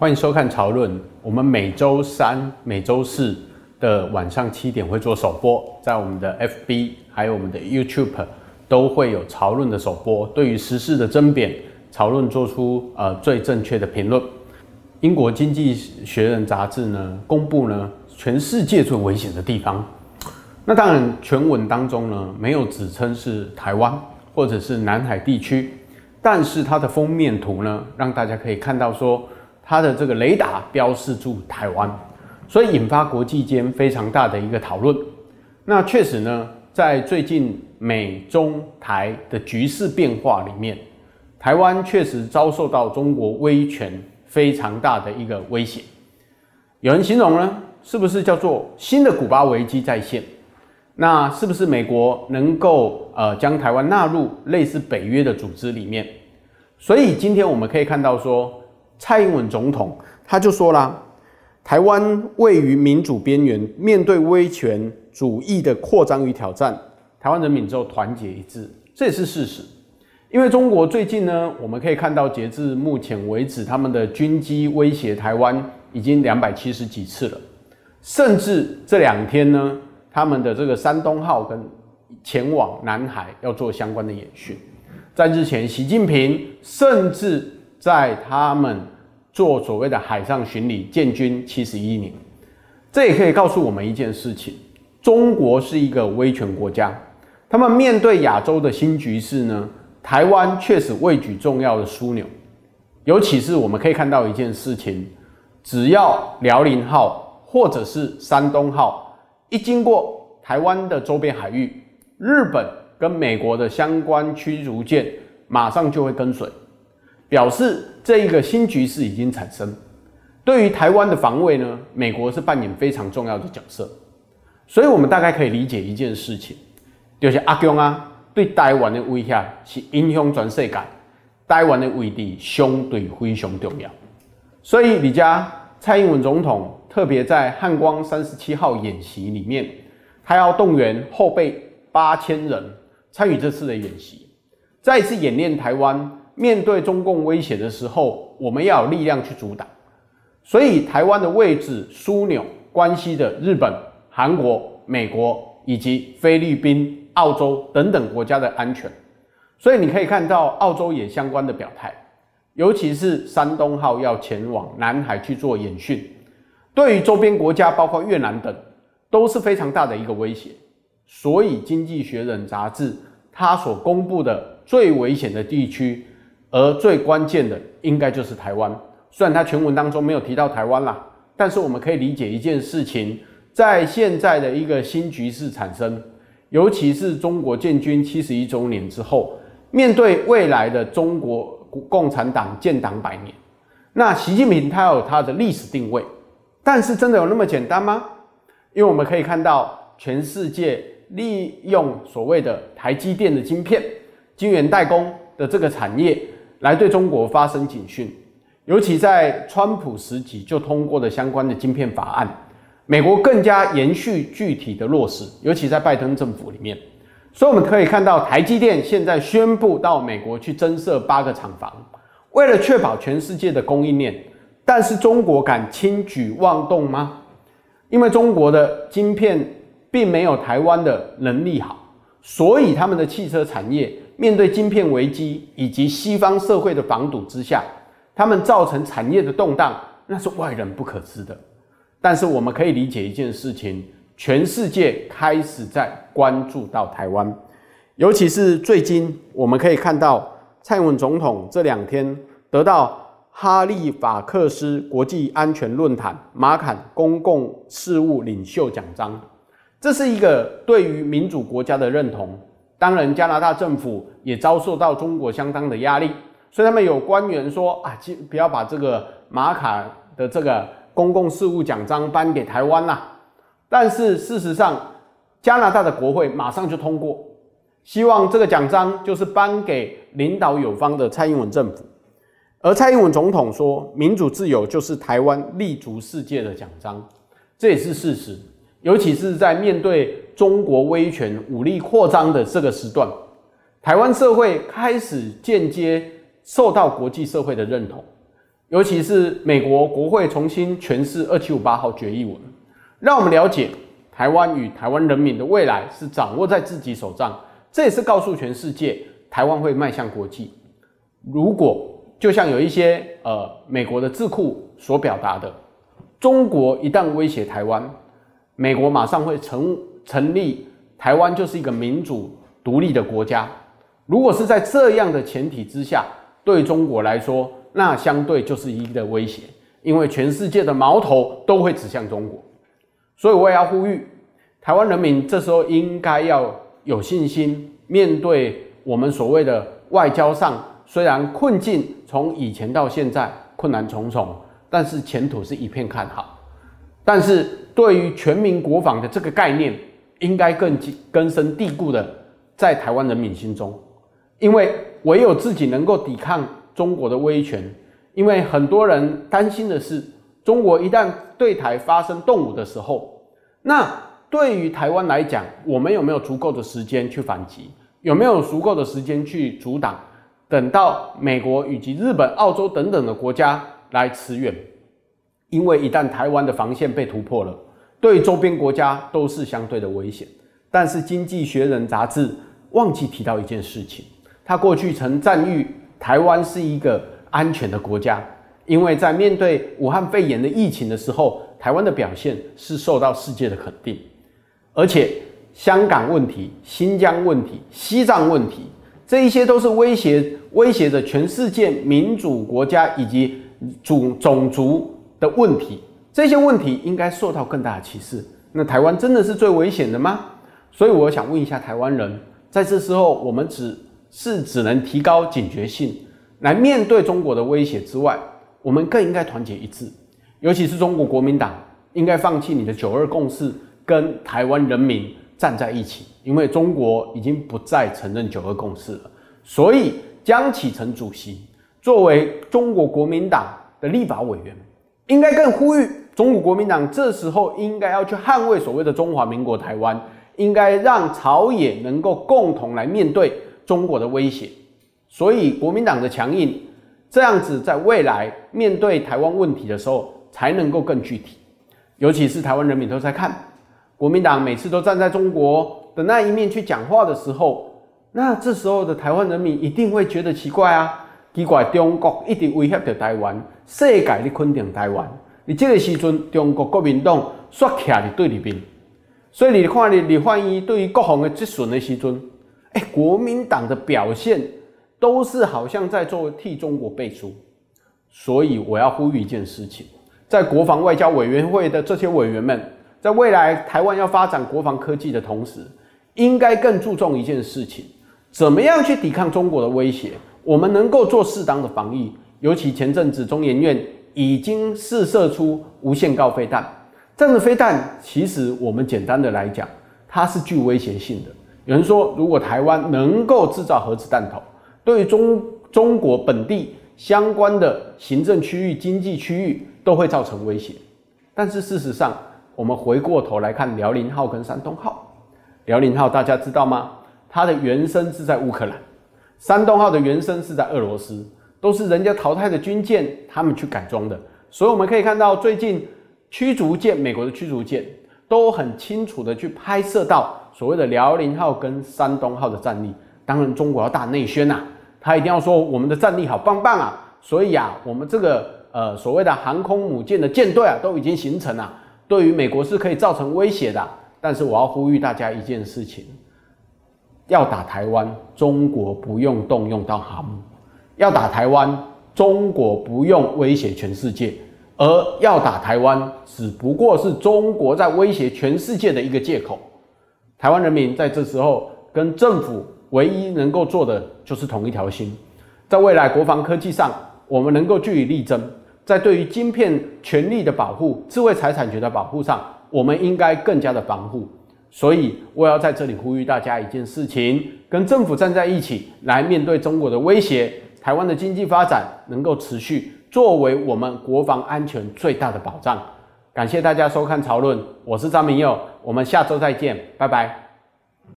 歡迎收看《潮論》，我們每周三、每周四的晚上七點會做首播，在我們的 FB 還有我們的 YouTube 都會有《潮論》的首播。對於時事的爭辯，《潮論》做出呃最正確的評論。英國經濟學人雜誌呢公布呢全世界最危險的地方，那當然全文當中呢沒有指稱是台灣或者是南海地區，但是它的封面圖呢讓大家可以看到說。它的這個雷達標示住台灣，所以引發國際間非常大的一個討論。那確實呢，在最近美中台的局勢變化裡面，台灣確實遭受到中國威權非常大的一個威脅。有人形容呢，是不是叫做新的古巴危機再現？那是不是美國能夠呃將台灣納入類似北約的組織裡面？所以今天我們可以看到說。蔡英文總統他就說啦，台灣位於民主邊緣，面對威權主義的擴張與挑戰，台灣人民之後團結一致，這也是事實。因為中國最近呢，我們可以看到，截至目前為止，他們的軍機威脅台灣已經兩百七十幾次了，甚至這兩天呢，他們的這個山東號跟前往南海要做相關的演訓，在日前，習近平甚至。在他們做所謂的海上巡禮，建軍七十一年，這也可以告訴我們一件事情：中國是一個威權國家。他們面對亞洲的新局勢呢？台灣確實位居重要的樞紐。尤其是我們可以看到一件事情：只要遼寧號或者是山東號一經過台灣的周邊海域，日本跟美國的相關驅逐艦馬上就會跟隨。表示這一個新局勢已經產生，對於台灣的防衛呢，美國是扮演非常重要的角色，所以我們大概可以理解一件事情，就是阿姜啊，對台灣的威脅是影響全世界，台灣的位地相對非常重要，所以李家蔡英文總統特別在漢光三十七號演習裡面，他要動員後備八千人參與這次的演習，再次演練台灣。面對中共威脅的時候，我們要有力量去阻擋。所以，台灣的位置樞紐關係的日本、韓國、美國以及菲律賓、澳洲等等國家的安全。所以，你可以看到澳洲也相關的表態，尤其是山東號要前往南海去做演訓，對於周邊國家，包括越南等，都是非常大的一個威脅。所以，《經濟學人》雜誌它所公布的最危險的地區。而最關鍵的應該就是台灣，雖然他全文當中沒有提到台灣啦，但是我們可以理解一件事情，在現在的一個新局勢產生，尤其是中國建軍七十一周年之後，面對未來的中國共產黨建黨百年，那習近平他有他的歷史定位，但是真的有那麼簡單嗎？因為我們可以看到全世界利用所謂的台積電的晶片、晶圓代工的這個產業。來對中國發聲警訊，尤其在川普時期就通過的相關的晶片法案，美國更加延續具體的落實，尤其在拜登政府裡面。所以我們可以看到，台積電現在宣布到美國去增設八個廠房，為了確保全世界的供應鏈。但是中國敢輕舉妄動嗎？因為中國的晶片並沒有台灣的能力好，所以他們的汽車產業。面對晶片危機以及西方社會的防堵之下，他們造成產業的動蕩，那是外人不可知的。但是我們可以理解一件事情：全世界開始在關注到台灣，尤其是最近，我們可以看到蔡英文總統這兩天得到哈利法克斯國際安全論壇馬侃公共事務領袖獎章，這是一個對於民主國家的認同。當然，加拿大政府也遭受到中國相當的壓力，所以他們有官員說：“啊，不要把這個馬侃的這個公共事務獎章頒給台灣啦。”但是事實上，加拿大的國會馬上就通過，希望這個獎章就是頒給領導有方的蔡英文政府。而蔡英文總統說：“民主自由就是台灣立足世界的獎章，這也是事實，尤其是在面對。”中國威權武力擴張的這個時段，台灣社會開始間接受到國際社會的認同，尤其是美國國會重新詮釋二七五八號決議文，讓我們了解台灣與台灣人民的未來是掌握在自己手上，這也是告訴全世界，台灣會邁向國際。如果就像有一些呃美國的智庫所表達的，中國一旦威脅台灣，美國馬上會成。成立台灣就是一個民主獨立的國家。如果是在這樣的前提之下，對中國來說，那相對就是一個威脅，因為全世界的矛頭都會指向中國。所以，我也要呼籲台灣人民，這時候應該要有信心，面對我們所謂的外交上雖然困境，從以前到現在困難重重，但是前途是一片看好。但是對於全民國防的這個概念，應該更根深蒂固的在台灣人民心中，因為唯有自己能夠抵抗中國的威權。因為很多人擔心的是，中國一旦對台發生動武的時候，那對於台灣來講，我們有沒有足夠的時間去反擊？有沒有足夠的時間去阻擋？等到美國以及日本、澳洲等等的國家來馳援？因為一旦台灣的防線被突破了。對周邊國家都是相對的危險，但是《經濟學人》雜誌忘記提到一件事情，他過去曾贊譽台灣是一個安全的國家，因為在面對武漢肺炎的疫情的時候，台灣的表現是受到世界的肯定。而且香港問題、新疆問題、西藏問題，這一些都是威脅，威脅着全世界民主國家以及種種族的問題。這些問題應該受到更大的歧視。那台灣真的是最危險的嗎？所以我想問一下台灣人，在這時候，我們只是只能提高警覺性來面對中國的威脅之外，我們更應該團結一致。尤其是中國國民黨，應該放棄你的九二共識，跟台灣人民站在一起，因為中國已經不再承認九二共識了。所以，江啟臣主席作為中國國民黨的立法委員，應該更呼籲。中國國民黨這時候應該要去捍衛所謂的中華民國台灣，應該讓朝野能夠共同來面對中國的威脅。所以國民黨的強硬，這樣子在未來面對台灣問題的時候，才能夠更具體。尤其是台灣人民都在看，國民黨每次都站在中國的那一面去講話的時候，那這時候的台灣人民一定會覺得奇怪啊！奇怪，中國一定威脅着台灣，世界在肯定台灣。你這個時陣，中國國民黨徛在對立面，所以你看呢你，你看伊對於國防的質詢的時陣、欸，國民黨的表現都是好像在做替中國背書。所以我要呼籲一件事情，在國防外交委員會的這些委員們，在未來台灣要發展國防科技的同時，應該更注重一件事情：怎麼樣去抵抗中國的威脅？我們能夠做適當的防御。尤其前陣子中研院。已經試射出無限高飛彈，這樣的飛彈其實我們簡單的來講，它是具威脅性的。有人說，如果台灣能夠製造核子彈頭，對於中中國本地相關的行政區域，經濟區域都會造成威脅。但是事實上，我們回過頭來看遼寧號跟山東號。遼寧號大家知道嗎？它的原生是在烏克蘭，山東號的原生是在俄羅斯。都是人家淘汰的軍艦，他們去改裝的，所以我們可以看到，最近驅逐艦，美國的驅逐艦都很清楚的去拍攝到所謂的遼寧號跟山東號的戰力。當然，中國要大內宣吶、啊，他一定要說我們的戰力好棒棒啊。所以啊，我們這個呃所謂的航空母艦的艦隊啊，都已經形成了，對於美國是可以造成威脅的。但是我要呼籲大家一件事情：要打台灣，中國不用動用到航母。要打台灣，中國不用威脅全世界，而要打台灣，只不過是中國在威脅全世界的一個借口。台灣人民在這時候跟政府唯一能夠做的就是同一條心。在未來國防科技上，我們能夠據以力爭；在對於晶片權利的保護、智慧財產權的保護上，我們應該更加的防護。所以，我要在這裡呼籲大家一件事情：跟政府站在一起來面對中國的威脅。台灣的經濟發展能夠持續，作為我們國防安全最大的保障。感謝大家收看《潮論》，我是張銘祐，我們下周再見，拜拜。